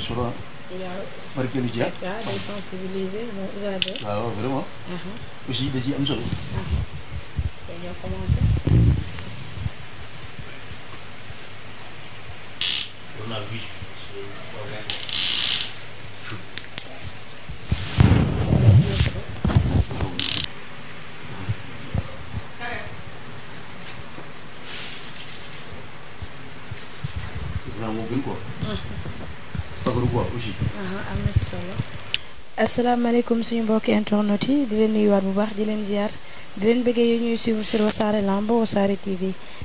solo ah. waaw barkeelu jeex. waaw day sensibiliser moom Usabe. waaw vraiment. da ciy am solo. dañoo commencé. on a vu. asalaamaaleykum suñu mbokki internet yi di leen nuyuwaat bu baax di leen ziar di leen bëggee yi ñuy suivre sur Wassare Lamb Wassare TV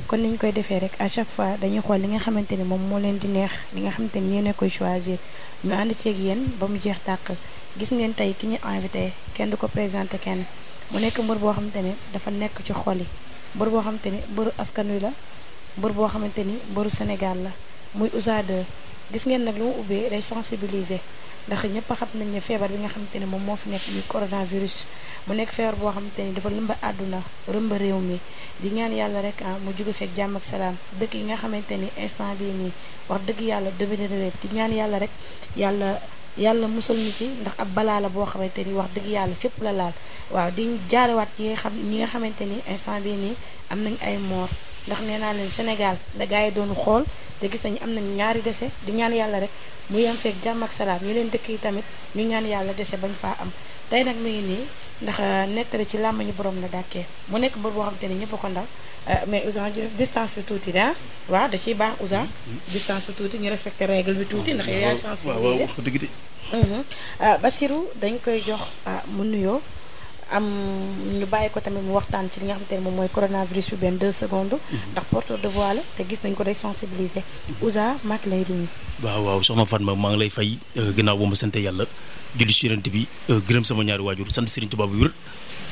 kon ni ñu koy defee rek à chaque fois dañuy xool li nga xamante ni moom moo leen di neex li nga xamante ni yéen a koy choisir ñu ànd ceeg yéen ba mu jeex tàq gis ngeen tey ki ñu invité kenn du ko présenté kenn mu nekk mbër boo xamante ni dafa nekk ci xool yi mbër boo xamante ni mbëru askan wi la mbër boo xamante ni mbëru Sénégal la muy Ouza gis ngeen nag lu mu ubbee day ndax ñëpp xam nañ ne feebar bi nga xamante ni moom moo fi nekk di coronavirus mu nekk feebar boo xamante ni dafa lëmba àdduna rëmba réew mi di ñaan yàlla rek ah mu jóge fekk jàmm ak dëkk yi nga xamante ni instant bii nii wax dëgg yàlla domine na di ñaan yàlla rek yàlla yàlla musal ñu ci ndax ab balaa la boo xamante ni wax dëgg yàlla fépp la laal waaw di jaarewaat yi nga xam ñi nga xamante ni instant bii nii am nañ ay moor ndax nee naa leen Sénégal da gars yi doon xool te gis nañu am nañ ñaari dese di ñaan yàlla rek mu yem feeg jàmm ak salaam leen dëkk yi tamit ñu ñaan yàlla dese bañ faa am tey nag mi ngi nii ndax euh, nettali ci làmmiñu borom la dàkkee mu nekk mbër boo xam te ne ñëpp ko ndaw euh, mais Ousin ji def distance bi tuuti daa ah. waaw da ciy baax Ousin mm-hmm. distance bi tuuti ñu respecté règle bi tuuti ndax yow yaa mm-hmm. sensibiliser waaw waaw wax dëgg de mm-hmm. euh, Basirou dañ koy jox ah, mu nuyoo am ñu bàyyi ko tamit mu waxtaan ci li nga xam ne moom mooy coronavirus bi benn deux secondes. Mm-hmm. ndax porteur de voix la te gis nañ ko day sensibiliser mm-hmm. Ouza maa ngi lay nuyu. waaw waaw soxna Fatma maa ngi lay fay euh, ginnaaw ba ma sant yàlla julli ci Yonent bi euh, gërëm sama ñaari waajur sant Serigne Touba bu wér.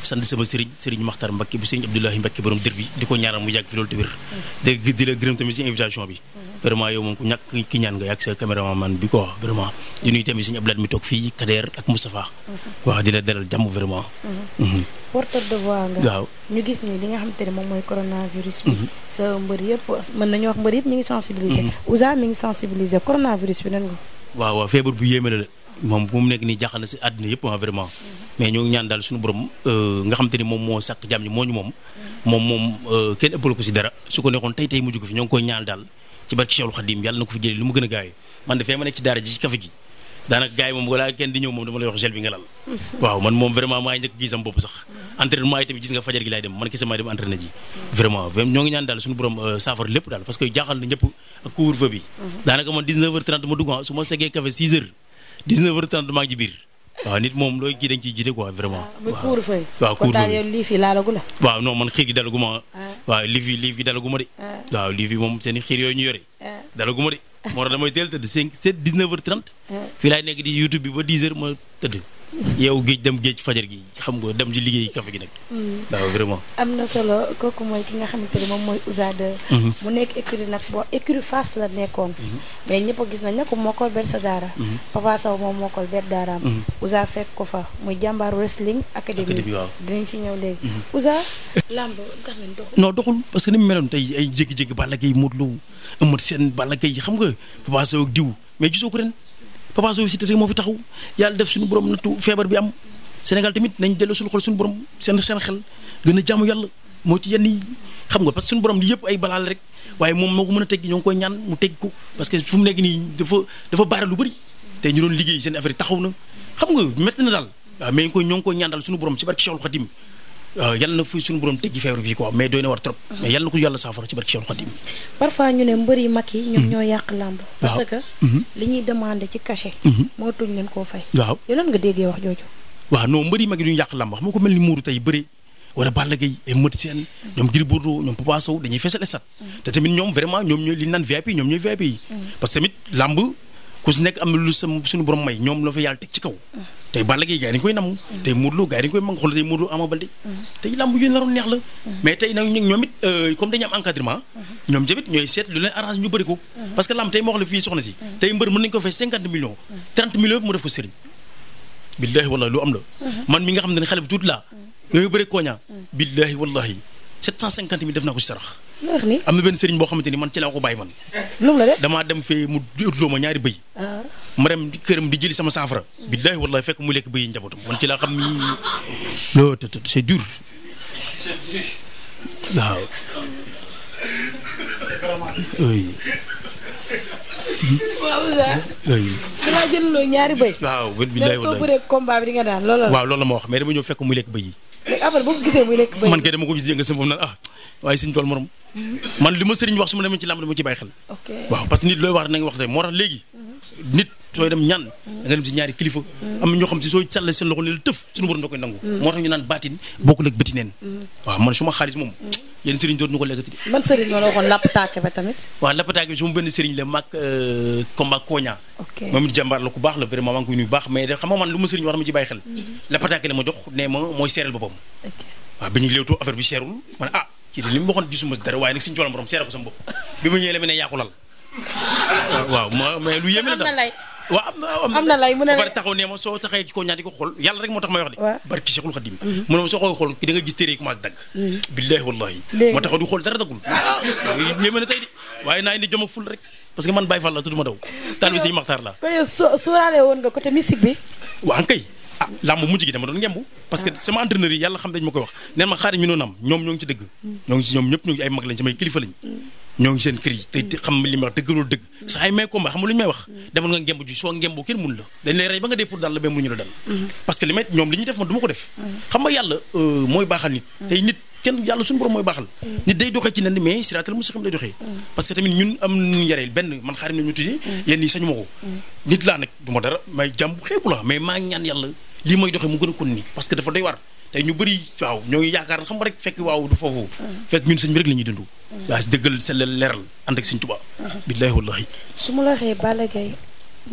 sant sama sëriñ sëriñ Maxtar Mbacke bu sëriñ Abdoulahi Mbacke borom dër bi di ko ñaanal mu yàgg fi loolu te wér dégg di la gërëm tamit si invitation bi vraiment yow moom ku ñàkk ki ñaan nga yàgg sa caméraman bi quoi vraiment di nuyu tamit sëriñ mi toog fii Kader ak Moustapha waaw di la dalal jàmm vraiment mhm. Mhm. porteur de voix nga ñu gis ni li nga xam te ne moom mooy coronavirus bi mhm. sa mbër yëpp mën nañu wax mbër yëpp ñu ngi sensibiliser Ouza mi ngi sensibiliser moom bu nekk nii jaaxal na si àddina yëpp ah vraiment mhm. mais ñoo ngi ñaan daal suñu borom euh, nga lépp daal parce que jaaxal na ñëpp ak couvre-feu bi mhm. daanaka man 19 heures 30 ma dugg ah, su ma segee café 6 heures 19 heures 30 maa ngi ci biir waaw nit moom looy kii dañ ciy jiite quoi vraiment. Ah, waaw couvre-feu waaw couvre-feu lii fi laalagu la. waaw non man xiir dalagu ma. Ah. waaw lii fi lii fi dalagu ma de. Ah. waaw lii moom seen xiir yooyu ñu yore. dalagu ma de moo tax damay teel tëdd 5 7 19 fii laay nekk di YouTube bi ba 10 ma tëdd. yow géej dem géej fajar gi xam nga dem di liggéey café gi nag. Mm. waaw vraiment. am na solo kooku mooy ki nga xamante ne moom mooy Ouza 2. Mm-hmm. mu nekk écurie nag boo écurie Fass la nekkoon. Mm-hmm. mais ñëpp a gis nañ ne ko moo ko ber mm-hmm. ñëw léegi. Ouza. làmb tax doxul. parce que ni mu meloon tey ay jékki-jékki Balla Gaye Modou Lo Eumeu Sène Balla xam nga Papa Sow ak diw mais gisoo ko ren. Papa Sow Siteu moo fi taxaw la def suñu borom nattu feebar bi am Sénégal tamit nañ delloo suñu xol suñu borom seen seen xel gën a jaamu yàlla moo ci yenn yi xam nga parce que borom li yëpp ay rek waaye moom moo ko mën a teggi ñoo ngi koy mu tegg ko parce que fu mu nekk nii dafa dafa baara lu bëri te ñu doon liggéey seen affaire taxaw na xam nga métti na daal waaw mais ñoo ngi koy ñoo ngi ñaan daal suñu borom ci barki Cheikhul Khadim Euh, yal na fu suñu borom tëj feebar bi quoi mais doy na war trop. Mm-hmm. mais yal na ko yàlla saafara ci barke Cheikh Khadim. parfois ñu ne mbër mag yi. ñoom mm-hmm. yàq làmb. parce mm-hmm. ko mel ni muuru tey bëri wala Balla Gaye ay mët seen ñoom Gris Bordeaux ñoom Papa Sow dañuy feesal stade te tamit ñoom vraiment ñoom ñooy li naan VIP ñoom ñooy VIP yi parce que tamit làmb ku si nekk am na lu sa suñu borom may ñoom la fa yàlla teg ci kaw. tey Balla Gaye gars yi koy namm. tey Modou Lo gars yi koy mang xool tey Modou euh, lu leen arrange ñu bëri ko. parce que mu def ko sëriñ. billaahi wallaahi lu am la. man mi nga xam ne xale bu tuuti laa. yooyu bëri kooñaa. billaahi wallaahi 750 mille def naa ko si sarax. am na benn sëriñ boo xamante ni man ci laa ko bàyyi man. loolu la de damaa dem fee mu utloo ma ñaari bëy. Ah. ma dem këram di jëli sama saafara. billaahi fekk mu lekk bëy yi njabootam man ci laa xam ni loolu c'est dur waaw. waaw jël loo ñaari bëy. waaw billaahi la. waaw loolu la ma wax mais dama ñëw fekk mu lekk bëy yi. léegi après boo ko gisee muy man kay dama ko gis yëngal sama bopp naan ah waaye suñu tool man li sëriñ wax su ma demee ci làmb dama ci bàyyi xel waaw parce nit looy wax na nga wax moo tax léegi nit sooy dem ñaan da dem si ñaari kilifa am ñoo xam si sooy sàlle seen loxo ne la tëf suñu borom da koy nangu mm. moo tax ñu naan baatin bokkul ak bëti neen mm. waaw man su ma xaalis moom mm. yéen sëriñ dootuñu ko lekkati di. ban sëriñ la ba tamit. waaw lappataake ma benn sëriñ la mag Komba euh, Koña. moom it la ku baax la vraiment maa ngi koy nuyu bu baax mais xam nga lu ma sëriñ wax ma ci bàyyi xel. Mhm. lappataake la ma jox ne mooy seeral boppam. ok bi ñu léewtoo affaire bi seerul man ah ci li mu waxoon gisuma dara waaye nag suñu coolam borom seeral ko sama bopp bi ma ñëwee la ma ne lal waaw mais lu yéeme la waaw am na am na lay mu ne la taxaw ne ma soo taxee ci ko ko xool yàlla rek moo tax may wax de barki Cheikhul Khadim mhm. mu ne ma soo xool da mhm. ah. Ah, na tey de waaye parce que man Baye Fall la ah, dama doon ngemb parce que sama entraîneur yi yàlla xam dañ ma koy wax neen ma xaari mi noon am ñoom ñoo ngi ci dëgg mm. ñoo ngi ñoom ñëpp ay mag lañ samay kilifa lañ mm. ñoo ngi seen kër yi te xam li ma wax dëgg loolu dëgg sax ay may combat xam nga lu ñu may wax demal nga ngemb ji soo ngemboo kenn mun la dañ lay rey ba nga dee pour dal la ba mënuñu la dal mhm. parce que li may ñoom li ñuy def man du ma ko def mhm. xam nga yàlla euh, mooy baaxal nit mhm. tey nit kenn yàlla suñu borom mooy baaxal nit day doxee ci nen mais siraatal mustaqim lay doxee parce que tamit ñun am nuñu yareel benn man xaarim la ñu tuddee yéen ñi ma ko nit laa nag du ma dara may la mais maa ngi ñaan yàlla lii a tey ñu bëri waaw ñoo ngi yaakaar xam nga rek fekk waaw du foofu. fekk ñun sëñ bi rek la ñuy dund. waaw dëggal sellal leeral ànd ak sëñ Tuubaa. billaahi wallaahi. su ma la waxee Balla Gaye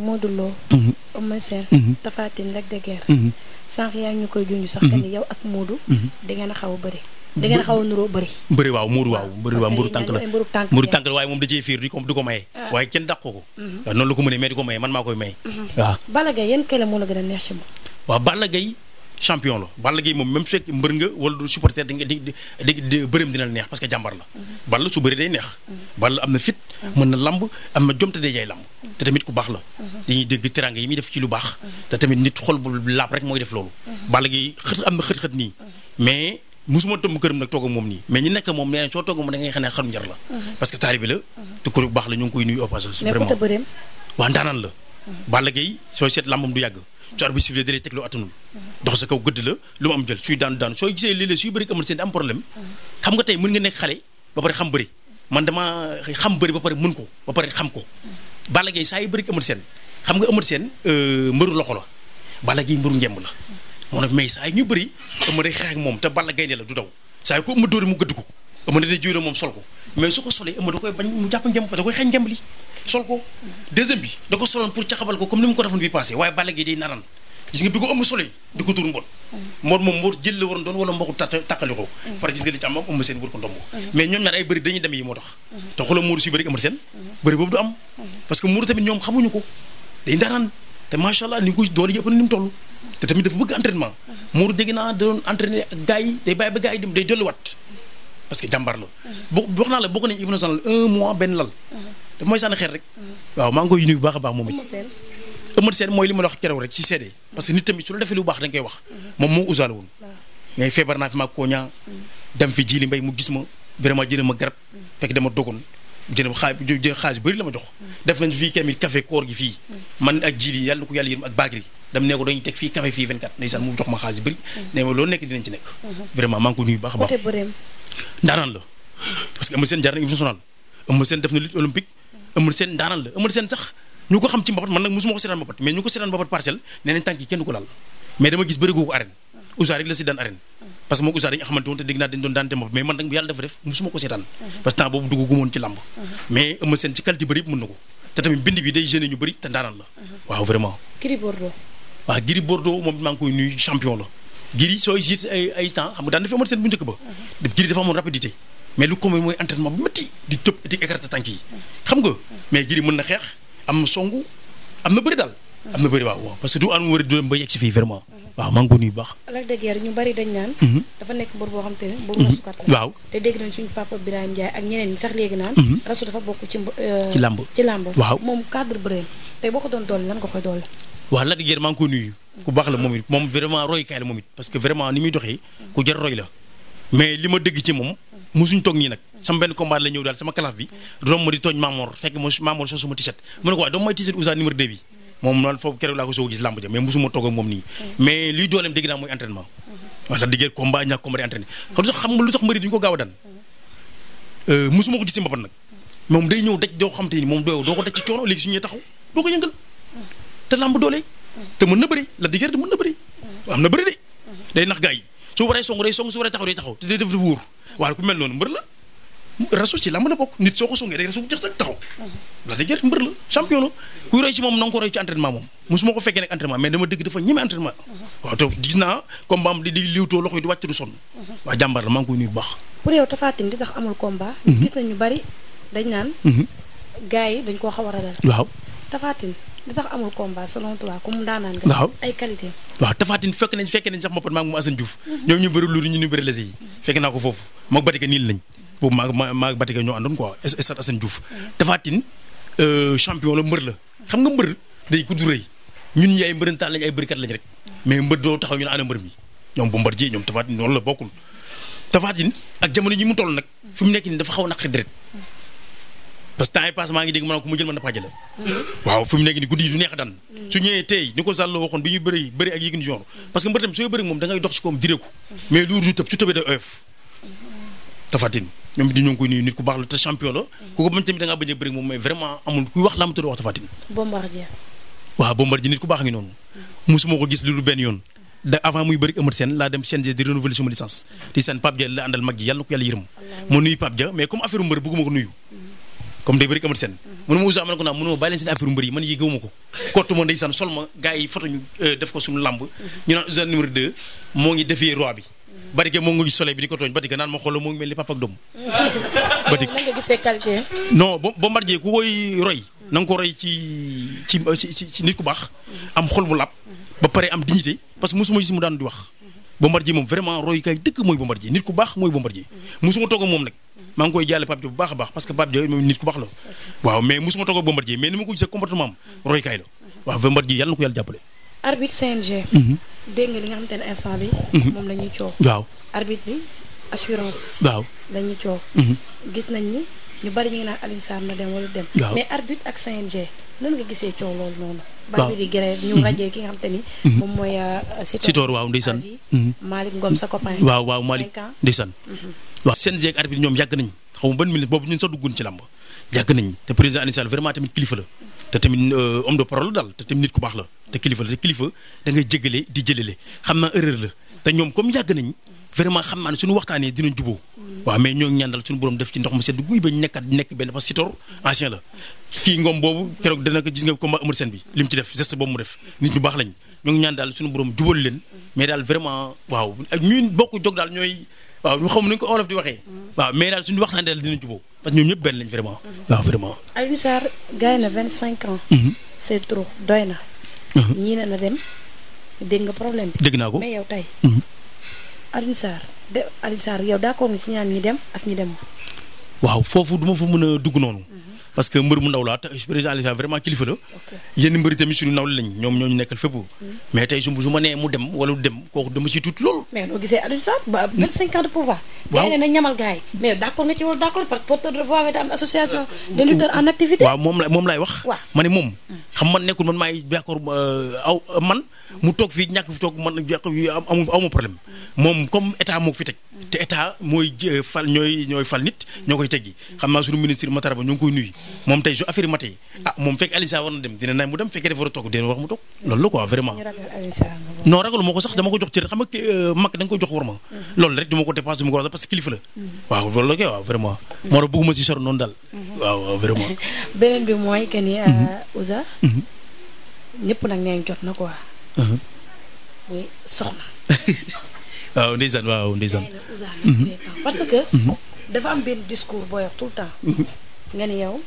Modou Lo. Mhm. Eumeu Sène. Mhm. Tapha Tine Lac de Guiers. Mhm. sànq yaa ngi ñu koy junj sax. ni yow ak Modou. dangeen a a bëri. dangeen a xaw a nuroo bëri. bëri waaw Modou waaw bëri waaw mburu tànk la mburu tànk la waaye moom da cee fiir di ko du ko maye. Ah. waaye kenn dàq ko. noonu la ko mënee mais di ko maye man maa koy maye. waaw Balla Gaye kële moo la gën a neex ci moom. waaw Balla champion la Balla Gaye moom même su fekkee mbër nga wala du supporter di nga di bërëm dina la neex parce que jàmbar la. Balla su bëri day neex. Balla am na fit. mën na lamb am na jom te day jaay lamb. tamit ku baax la. dañuy dégg teraanga yi muy def ci lu baax. te tamit nit xol bu laab mooy def loolu. Balla Gaye am na xët nii. mais musuma tëmb moom nii mais ñi nekk moom nee na soo toog moom da ngay xam ne parce que taalibe la. te baax la ñu ngi koy nuyu au passage. vraiment waa ndaanaan la. Balla Gaye sooy seet lambam du yàgg coor bi sifflé dalay teg loo attanul dox sa kaw gëdd la lu mu am jël suy daanu daanu sooy gisee léeg-léeg suy bëri amal seen am xam nga tey mën nga nekk xale ba pare xam man dama xam bëri ba pare mën ko ba pare xam ko Balla Gaye saa yi bëri amal seen xam nga amal seen euh, mbëru loxo la Balla Gaye mbëru ngemb la moo nag mais saa yi ñu bëri ama day xeex moom te Balla Gaye ne la du daw saa yi ko ëma dóori mu gëdd ko ama dana jiwre moom sol ko mais su ko solee ama da koy bañ mu jàpp ngemb da koy xeeñ ngemb li sol ko deuxième bi da ko soloon pour caxabal ko comme ni mu ko defoon bi passé waaye Balla Gaye day naran gis bi ko ëmb soloy di ko dur mbon moom moom moo jël la waroon doon wala mboq tàqali ko par gis nga li te xoolal allah ni ngi doole yëpp na ni mu toll te tamit dafa bëgg entraînement muuru dégg naa doon entraîné ak gars yi day bàyyi ba gars yi dem day dolliwaat parce que jàmbaar la wax naa la bokk nañ équipe nationale un mois benn lal daf mooy sànni xeer rek waaw maa da nga koy wax moom moo usaale woon mais feebar naa ma ma garab fekk dama dogoon jënd xaa jënd xaalis bëri la ma jox def nañ fii tamit café koor gi fii man ak jili yàlla na ko ma xaalis bëri ne ma loolu nekk dinañ baax a baax ndaanaan la parce que Eumeu Sène jaar na international Eumeu def na lutte olympique Eumeu Sène ndaanaan la Eumeu Sène sax ñu ko xam ci mbapat man nag mosuma ko seetaan mbapat mais ñu ko seetaan mbapat parcelle nee nañ kenn ko laal mais dama gis bëri googu arène daan arène parce que moom usa dañu maa koy nuyu champion la Gris sooy gis ay ay temps xam daan dafa amoon seen bu njëkk ba mhm. Gris dafa amoon rapidité mais lu ko may mooy entraînement bu na xeex am na songu am na bëri daal. am na bëri waaw waaw parce que a du dem ba yegg mhm. ne. mbër rasukat mhm. la waaw. te dégg nañ suñu papa Birahim Ndiaye mhm. euh, moom ko ko nuyu. ku baax la moom it moom vraiment roy kaay la moom it parce que vraiment ni muy doxee. ku jar roy la mais li ma dégg ci moom musuñ toog nii nag sama benn combat la ñëw daal sama calaf bi doom ma di ko waaye doom moom loolu foofu keroog laa ko musuma xam nga lu tax mbëri duñ ko gaaw a daan euh, musuma ko gis si mbapat nag moom day ñëw daj doo xam te ni moom doo ko daj ci coono léegi suñu taxaw doo ko yëngal te làmb doole te mën na bëri la diggéer mën na bëri am na bëri de day nax gars yi su waree song day song su waree taxaw day taxaw te day def wóor waaye ku mel noonu mbër la rasu ci lamb la bokk nit soo ko songee day rasu bu jeex taxaw. Mhm. la da jël mbër la champion kuy roy ci moom na nga ko roy ci entraînement moom mosuma ko fekkee nag entraînement mais dama dëgg dafa ñeme entraînement. Mhm. waaw te gis naa comme ba am di di liwtoo loxo yi di wàcc du sonn. Mhm. waa jàmbaar la koy nuyu baax. pour yow Tapha di tax amul combat. gis nañu bari dañ naan. gars yi dañ koo xaw a waaw li amul combat selon toi comme daanaan nga. waaw ay qualité waaw tafaatin fekk nañ fekk nañ sax ma pat maa ngi mu Assane Diouf. ñoom ñu bëri luur ñu ñu bëri lese yi. fekk naa ko foofu moog Batika niil lañ. boobu maa Batika ñoo àndoon quoi stade Assane Diouf. Mm-hmm. tafaatin euh, champion la mbër la. xam nga mbër day gudd rëy ñun ñi ay mbërëntaan lañ ay bërikat lañ rek. mais mbër doo taxaw ñu ne ana mbër mi ñoom Bombardier ñoom tafaatin noonu la bokkul. tafaatin ak jamono ji mu toll nag fi mu nekk nii dafa xaw naqari deret parce que temps yi passe maa ngi dégg maanaam ku mu jël mën na pàjjale waaw fi nekk ni guddi yi du neex dan mm. su ñëwee tey ni ko Zallo waxoon bi ñuy bëri ak Yékini genre parce que mbër mm-hmm. mm-hmm. la te mag ji yàlla na ko yàlla yërëm ma nuyu Pape Dia mais comme affaire mbër bëgguma ko nuyu comme day bëri amat seen mu ne ma usa am na ko naa mënu ma bàyyi leen seen affaire mbër yi man yi gëwuma ko kottu ma ndeysaan sol ma gars yi photo ñu euh, def ko suñu làmb ñu naan ma xooloo moo ngi mel ni papa doom Badike non ba Bombardier ku koy roy na nga roy ci nit ku baax am xol bu làpp ba pare am dignité parce que mosuma gis mu daan di wax Bombardier moom vraiment royukaay dëgg mooy Bombardier nit ku baax mooy Bombardier mhm. musuma toog moom nag maa koy jàlle Pape Diop bu baax a baax parce que Pape Diop nit ku baax la waaw mais musuma toog ak Bombardier mais ni ma ko gisee comportement am mhm. royukaay la mhm. waaw Bombardier yàlla na ko yàlla jàppale arbitre CNG dégg li nga xamante ne instant bi moom la ñuy waaw arbitre bi assurance waaw la ñuy gis nañ ni ñu bari ñu ngi naan Alioune Sarr na dem wala dem. mais arbitre ak CNG nan nga gisee coow loolu noonu. waaw bari di grève ñu mhm. rajee ki nga xam te ni. Mhm. moom mooy. Euh, Sitor waaw ndeysaan. Mhm. Malick Ngom sa copain. waaw waaw Malick ndeysaan. waaw CNG ak arbitre ñoom yàgg nañ xaw ma ban minute boobu ñun sax duggun ci làmb yàgg nañ te président Alioune Sarr vraiment tamit kilifa la. te tamit euh, homme de parole daal te tamit nit ku baax la te kilifa la te kilifa da ngay di jëlale xam naa erreur la te ñoom comme yàgg nañ vraiment xam naa ne suñu waxtaanee dina juboo waaw mais ñoo ngi ñaanal suñu borom def ci ndox mu sedd guy ba nekkat nekk benn fa Sitor ancien la kii ngoom boobu keroog dana ko gis nga bi li mu ci def geste daal suñu borom jubal leen mais daal vraiment daal ñooy waaw ñu xam ni ko olof di waxee waaw mais daal suñu waxtaanee daal dina juboo parce que ñoom ñëpp benn lañ vraiment waaw vraiment Alioune Sarr gars yi na vingt cinq ans mhm. doy na mhm. ñii na dem dégg nga problème bi dégg naa ko mais Alioune Sarr de Alioune Sarr yow d'accord nga ci ñaan ñi dem ak ñi dem. waaw foofu duma fa mën a dugg noonu. Mhm. parce que mbër mu ndaw laa te président Alioune kilifa la yenn mbëri tamit suñu nawle lañ ñoom ñoo ñu nekkal fépp hmm. mais tey su ma nee mu dem wala dem kooku dama ciy tuuti loolu mais noo gisee Alioune ba hmm. moom la moom laay wax waaw ma ne moom hmm. xam man nekkul man maay d'accord euh, aw euh, man mu toog fii ñàkk fi toog man am amu problème moom comme état moo fi teg te état mooy euh, fal ñooy ñooy fal nit ñoo koy teggi xam naa suñu ministre Matar Ba ñoo koy nuyu moom tey su affaire yi matee ah moom fekk Alioune Sarr war na dem dina na mu dem fekkee dafa war a toog dina wax mu toog loolu la quoi vraiment. non ragalu moo ko sax dama ko jox cër xam nga euh, mag da nga koy jox war ma. Mm-hmm. loolu rek du ko dépense du ko mm-hmm. waaw loolu mm-hmm. moo tax bëgguma si sor noonu daal. waaw vraiment. beneen bi mooy que ni. Euh, Ouza. ñëpp nag nee jot na quoi. muy soxna. waaw waaw ndeysaan. parce nga ni yow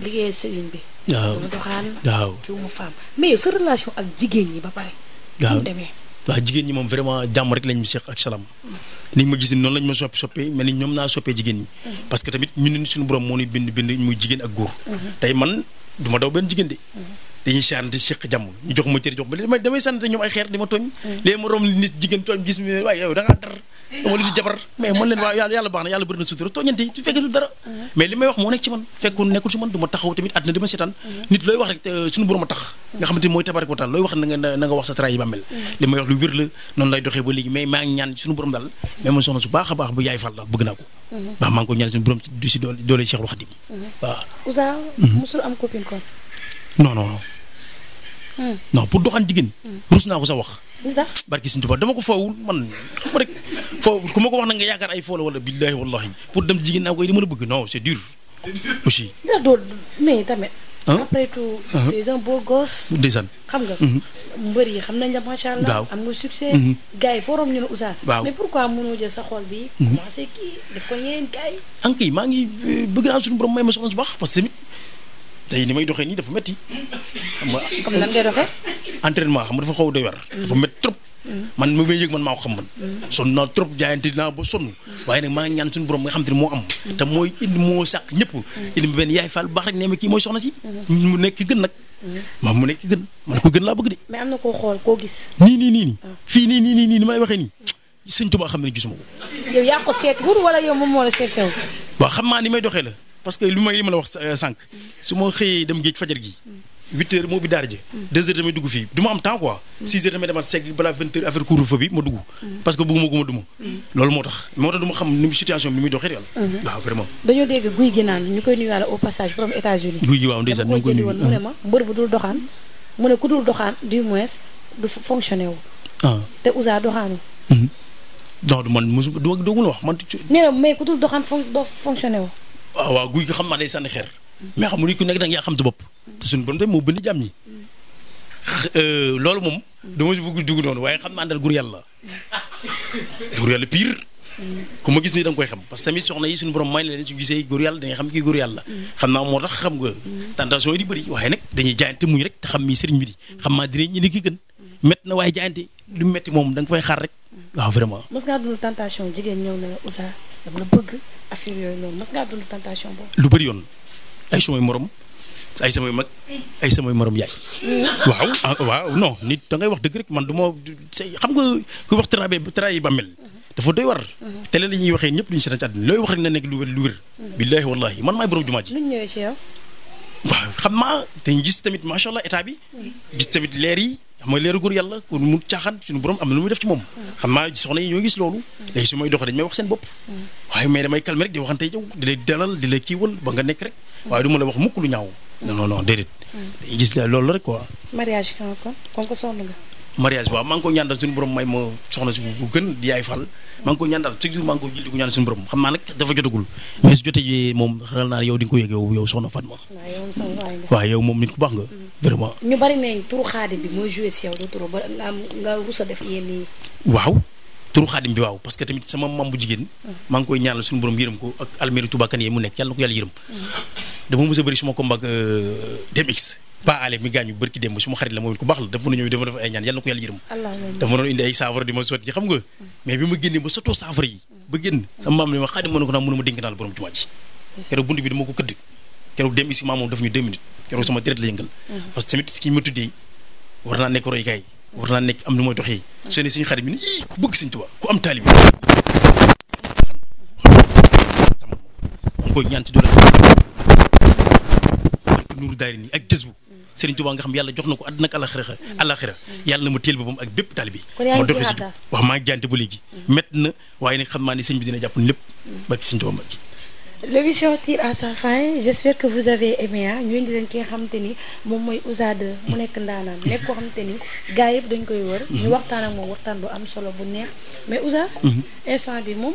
liggéey sëriñ bi. waaw mu doxaan. waaw kii wu faam mais sa relation ak jigéen ñi ba pare. waaw demee. waaw jigéen ñi moom vraiment jàmm rek lañ ma seq ak salaam. Mm. ñu ma gis ni noonu lañ ma soppi soppee mel ni ñoom naa soppee jigéen ñi. Mm. parce que tamit ñun suñu borom moo ñuy bind bind muy jigéen ak góor. Mm-hmm. tey man du ma daw benn jigéen de. Mm-hmm. dañuy saan di jàmm ñu jox ma cër jox ma damay damay sant ñoom ay xeer di ma tooñ léegi ma tooñ yàlla baax na yàlla bëri na tooñante su fekkee du dara mais li may wax euh, a tax lu wér noonu lay doxee ba léegi mais maa ñaan suñu borom daal mais ma soxna su baax a baax bu yaay fal daal bëgg naa ko waaw maa ngi ñaan suñu borom du si doole Cheikhul Khadim waaw mhm. Hmm. non pour doxaan jigéen. Hmm. rus naa ko sa wax. barki Sëñ Tuubaa dama ko foowul man xam nga rek foo ku ma ko wax na nga yaakaar ay foo la wala billaahi wallaahi pour dem jigéen naa koy di eh, mën a bëgg non c'est dur aussi. ndax doo mais tamit. après tout. les gens beaux gosses. ndeysaan xam nga. Mhm. mbër yi xam nañ la macha allah. am nga succès. Mhm. yi forom ñu ne Ousseynou. waaw sa xol bi. Mhm. commencé kii def maa ngi eh, bëgg naa suñu borom may ma soxna su parce que tamit. tey li may doxee nii dafa métti xam nga. comme nan ngay doxee. entraînement xam nga dafa xaw doy war mm-hmm. dafa métti trop. Mm-hmm. man mi may yëg man maa xam man. Mm-hmm. sonn naa trop jaayante dinaa ba sonn. waaye nag maa ngi ñaan suñu borom nga xam ne moo am. te mooy moo sàq ñëpp. indi benn yaay faal bu baax kii mooy soxna si. mu nekk ki gën nag. maam mu nekk ki gën ko gën laa bëgg de. mais na koo xool koo gis. nii nii nii nii. Ah. fii nii nii nii nii ni may waxee nii. sëñ Tuubaa xam ne gisuma ko. yow yaa ko wala yow moom moo xam naa ni may doxee la parce que li may li ma la wax euh, sànq su ma xëyee dem géej fajar gi huit heures moo bi daara ji deux heures damay dugg fii du ma am temps quoi six heures damay demaat segg balaa vingt heures affaire couvre-feu bi ma dugg parce que bëgguma ko duma loolu moo tax moo tax du xam ni situation bi ni muy doxee yàlla mhm. waaw vraiment dañoo dégg guy gi naan ñu koy nuyuwaale au passage borom États-Unis guy gi waaw ndeysaan ñu koy nuyu mu ne mu ne du moins ah. mhm. man mosu doo doo wax man nee na mais ku dul doxaan wu waaw ah, waaw guy gi xam naa day sànni xeer mais xam ni ku nekk da xam sa bopp te suñu borom tamit moo bëri jàmm ñi euh, loolu moom dama ci bëgg dugg noonu waaye xam naa dal gur yàlla gur yàlla pire ku ma gis nii da koy xam parce que tamit soxna yi suñu borom may na leen su da nga xam kii góor yàlla xam naa moo tax xam nga tentation yi di bëri waaye nag dañuy jaayante muñ rek te xam mi sëriñ bi di xam maa dinañ indi ki gën métti na waaye jaayante lu metti moom da nga fay xaar rek waaw vraiment mos ngaa dund tentation jigéen ñëw na la Oustaz dama la bëgg affaire yooyu lu bëri yoon ay samay morom ay samay mag ay samay morom yaay. waaw ah, waaw non nit da ngay wax dëgg rek man du ma xam nga ku wax trabe trahi ba mel. dafa doy war. te leen la ñuy waxee ñëpp lu ñu seetaan ci àddina looy wax rek na nekk lu wér lu billaahi wallaahi man maay borom jumaa ji. luñ xam maa dañu gis tamit macha allah état bi. gis tamit leer yi. mooy leeru góor yàlla ku mu caaxaan suñu borom am na lu muy def ci moom xam naa soxna yi ñoo gis loolu léegi su may doxee dañu may wax seen bopp waaye mais damay calmer rek di waxante yow di lay dalal di lay kiiwal ba nga nekk rek waaye du ma la wax mukk lu ñaaw non non non déedéet mm. gis loolu rek quoi mariage kan kon ko soxna nga mariage waaw maa ngi ko ñaan daal borom may ma soxna si bu gën di yaay fal maa ngi xam naa nag dafa jotagul mais su jotee moom xelal naa ko yëg yow yow moom nit ku baax nga mm-hmm. vraiment ñu bari nañ turu xaadim bi mooy joué si yow du a parce que tamit sama mam bu jigéen mm-hmm. maa ngi koy ñaanal suñu borom yërëm ko ak almeeri tubakan yi mu nekk yàlla na ko yàlla yërëm mm-hmm. dama mos a suma combat euh, DMX pa ale mi gaañu bërki démb suma xarit la moom ko baax la dafa mën a ñëw dafa def ay ñaan yàlla na ko yàlla yërëm dafa mënoon indi ay saafara di ma sotti xam nga mais bi ma génnee ba sottoo saafara yi ba génn sama ma xaadim mën ñu deux minutes keroog sama deret la yëngal mm-hmm. parce que tamit ki mm-hmm. koy ñaan ci doole ak Nuuru ak gis bu Serigne Touba nga xam yàlla jox na ko àddina ak alaxira alaxira mm. yàlla na ma téel boppam ak bépp taalibe ma dofe si wax mm. ne sëñ bi dina jàpp lépp mm. barki Serigne Touba à sa fin j'espère que vous avez aimé ah. ki nga xamante ni moom mooy Ouza 2 mu nekk ndaanaan nekk koo xamante ni gars yëpp dañ koy wër mm-hmm. ñu waxtaan ak moom waxtaan bu am solo bu neex mais Ouza mm-hmm. instant bi moom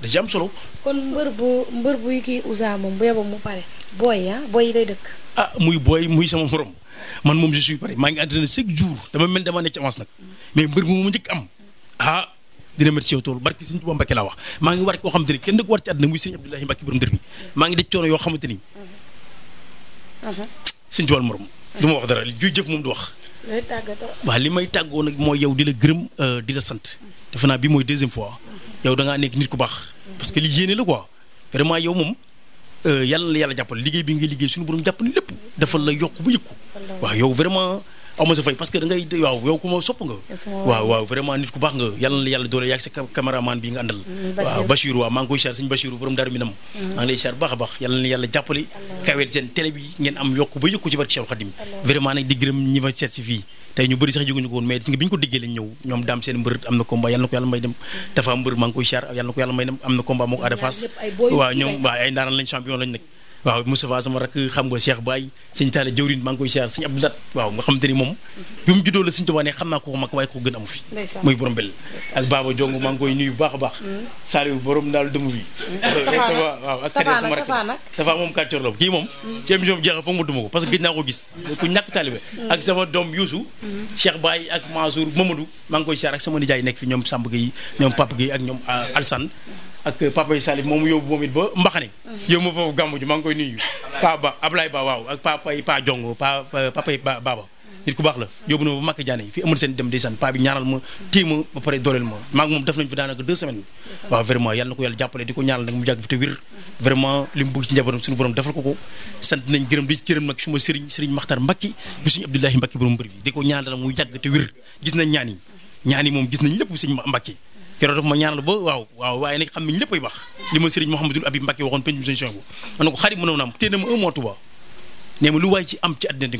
de ci am solo. kon mbër bu mbër buy kii Ouza moom bu yeboo mu pare booy ah booy yi lay dëkk. ah muy booy muy sama morom man moom je suis pare maa ngi entraîné chaque jour dama mel dama nekk ci avance nag mais mbër bu mu njëkk am ah dina métti tool barki Sëñ Tuubaa laa wax maa ngi war koo xamante ni kenn du ko war bi maa ngi de coono yoo xamante ni. Sëñ Tuubaa morom. du ma wax dara juy jëf moom du wax. waaw li may tàggoo nag mooy yow di la gërëm euh, di la sant defe naa bi mooy deuxième fois yow da ngaa nekk nit ku baax. parce que li yéene la quoi vraiment yow moom euh, yàlla la yàlla jàppale liggéey bi nga liggéey suñu borom jàpp da ngay nit ku baax nga yàlla la yàlla doole yaag sa caméraman bi nga àndal. Mm, waaw Bachir maa ngi koy char sëñ Bachir borom Daaru Minam. Mm. maa ngi lay char baax a baax yàlla na yàlla jàppale. kaweel seen télé bi ngeen am yokk ba yëkku ci barke Cheikh Khadim. vraiment nag di gërëm ñi ma seet si fii tey ñu bëri sax jóguñu ko woon mais gis nga bi ñu ko diggee lañ ñëw ñoom daam seen mbër am na combat yàlla na ko yàlla may dem dafa mbër maa ngi koy char yàlla na ko yàlla may dem am na combat moo ko aada faas ñoom waaw ay ndaanaan lañ champion lañ nag waaw Moustapha sama rakk xam nga Cheikh Baye sëñ Talla jëwrin maa ngi koy siyaar sëñ Abdou Lat waaw nga xam te ni moom bi mu juddoo la sëñ Tuubaa xam naa ko ko mag waaye ko gën amu fi muy borom bel koy nuyu bu a baax mm. Saliou borom daal dëmm bi waaw ak Kader sama moom kàccoor la kii moom mm. ci émission bi jeexal foog ma duma ko parce que gëj naa ko gis mm. ku ñàkk taalibe ak sama doom Youssou Cheikh Baye ak Mansour Mamadou maa ngi koy siyaar ak sama nijaay nekk fi ñoom Samb Gueye ñoom Pape Gueye ak ñoom euh, Alsane ak euh, papa yi Salif moom yóbbu moom it ba Mbaxane. Mhm. yow ma ngi koy nuyu. Pa Ba Ablaye Ba waaw ak papa yi Pa Jongo pa papa yi Ba Baba. Mhm. nit ku baax la yóbbu na ba Makka Jaane fi amul seen dem di san pa bi ñaanal ma mhm. téye ma ba pare dooleel ma maa moom def nañu fi daanaka deux semaines. waaw vraiment yàlla na ko yàlla jàppale di ko ñaanal nag mu jàgg fi te wér. vraiment li mu bëgg ci njabootam suñu borom defal ko ko sant nañ gërëm di ci gërëm nag suma sëriñ sëriñ Maxtar Mbacke bi suñu Abdoulahi Mbacke borom mbër bi di ko ñaanal mu jàgg te wér gis nañ ñaan yi ñaan moom gis nañ lépp sëñ Mbacke keroog dafa ma ñaanal ba waaw waaw waaye nag xam nañ léppay baax li ma sëriñ Mouhamadul Abib Mbacke waxoon pencum sëriñ Sonhibou ma ne ko xarit am lu waay ci am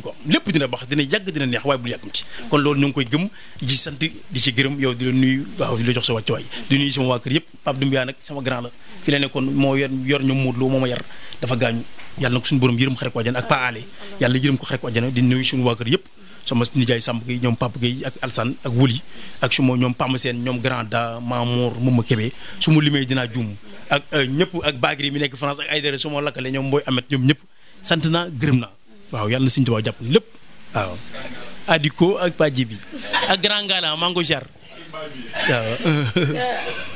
ko lépp dina baax dina yàgg dina neex waaye bul yàggam ci kon ngi koy gëm sant di gërëm yow di la nuyu waaw di la jox yëpp Pape Doumbia sama grand la la nekkoon moo yor yor ñoom Modou Lo moo ma yar dafa gaañu yàlla na ko suñu borom yërëm xare ko àjjana ak Pa Ale yàlla yërëm ko xare ko àjjana di nuyu suñu waa kër yëpp sama nijaay Samb Gueye ñoom Papa Gueye ak Alsan ak Wuli ak su ma ñoom Pam Seen ñoom Grand Da Mamour Mouma Kébé su ma limee dinaa juum ak euh, ñëpp ak Bagri mi nekk France ak Aydara su ma lakkale ñoom Mboy Amet ñoom ñëpp sant naa gërëm naa waaw yàlla na Sëñ jàpp lépp waaw. Adiko ak Badji bi ak Grand Ngala maa ngi waaw.